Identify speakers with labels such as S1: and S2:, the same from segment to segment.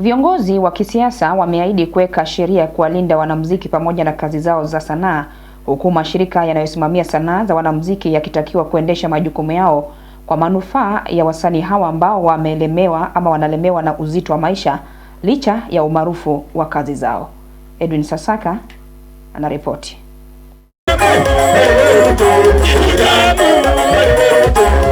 S1: Viongozi wa kisiasa wameahidi kuweka sheria kuwalinda wanamuziki pamoja na kazi zao za sanaa, huku mashirika yanayosimamia sanaa za wanamuziki yakitakiwa kuendesha majukumu yao kwa manufaa ya wasanii hawa ambao wamelemewa ama wanalemewa na uzito wa maisha licha ya umaarufu wa kazi zao. Edwin Sasaka anaripoti.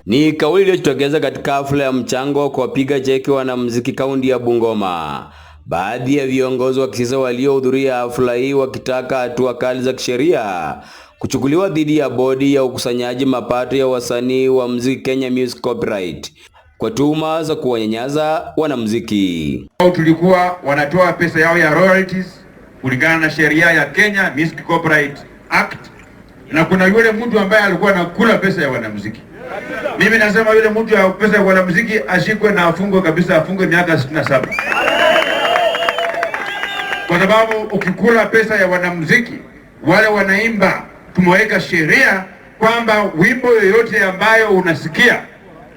S2: Ni kauli iliyojitokeza katika hafla ya mchango kwa kuwapiga jeki wanamuziki kaunti ya Bungoma, baadhi ya viongozi wa kisiasa waliohudhuria hafla hii wakitaka hatua kali za kisheria kuchukuliwa dhidi ya bodi ya ukusanyaji mapato ya wasanii wa muziki Kenya Music Copyright kwa tuhuma za kuwanyanyaza wanamuziki.
S3: Tulikuwa wanatoa pesa yao ya royalties kulingana na sheria ya Kenya Music Copyright Act, na kuna yule mtu ambaye alikuwa anakula pesa ya wanamuziki. Mimi nasema yule mtu ya pesa kwa muziki ashikwe na afungwe kabisa, afungwe miaka 67 kwa sababu ukikula pesa ya wanamuziki wale wanaimba, tumeweka sheria kwamba wimbo yoyote ambayo unasikia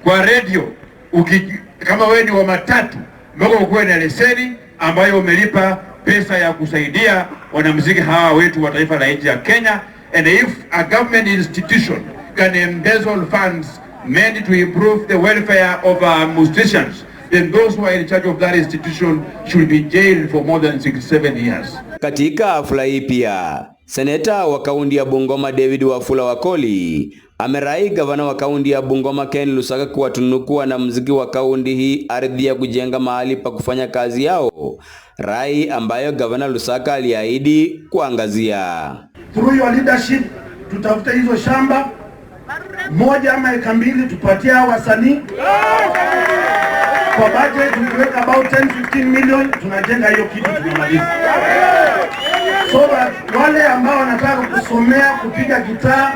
S3: kwa redio uki, kama wewe ni wa matatu mpaka ukuwe na leseni ambayo umelipa pesa ya kusaidia wanamuziki hawa wetu wa taifa la nchi ya Kenya and if a government institution can embezzle funds meant to improve the welfare of our musicians, then those who are in charge of that institution should be jailed for more than 67 years.
S2: Katika hafla hii pia seneta wa kaunti ya Bungoma David Wafula Wakoli amerai gavana wa kaunti ya Bungoma Ken Lusaka kuwatunukua na mziki wa kaunti hii ardhi ya kujenga mahali pa kufanya kazi yao, rai ambayo gavana Lusaka aliahidi kuangazia.
S4: Through your leadership, tutafuta hizo shamba moja ama eka mbili tupatie hawa wasanii kwa budget tukiweka about 10 15 million tunajenga hiyo kitu tunamaliza. So wale ambao wanataka kusomea kupiga gitaa,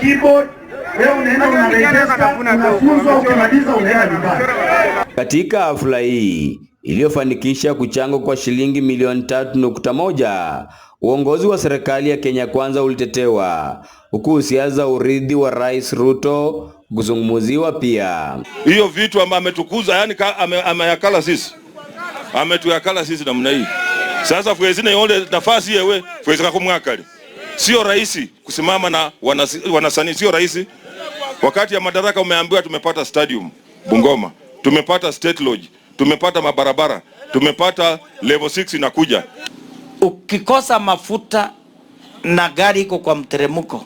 S4: keyboard, wewe unaenda una unafunzwa, ukimaliza unaenda nyumbani.
S2: Katika hafla hii iliyofanikisha kuchangwa kwa shilingi milioni tatu nukta moja. Uongozi wa serikali ya Kenya Kwanza ulitetewa huku siasa za urithi wa Rais Ruto kuzungumziwa pia.
S5: Hiyo vitu ambayo ametukuza yani ame, sisi, ametuyakala sisi namna hii. Sasa fwezine yole nafasi yewe fwezika kumwakali. Sio rahisi kusimama na wanasanii, sio rahisi. Wakati ya madaraka umeambiwa tumepata stadium Bungoma, tumepata state lodge tumepata mabarabara, tumepata level 6 inakuja.
S6: Ukikosa mafuta na gari iko kwa mteremko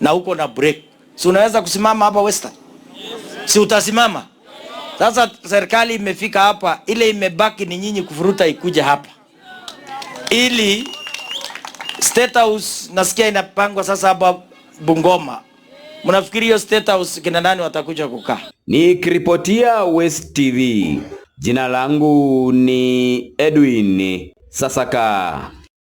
S6: na uko na break, si unaweza kusimama hapa Western? Si utasimama? Sasa serikali imefika hapa, ile imebaki ni nyinyi kufuruta ikuja hapa ili State House nasikia inapangwa sasa hapa Bungoma. Mnafikiri hiyo State House kina nani watakuja kukaa?
S2: Nikiripotia West TV. Jina langu ni Edwin Sasaka.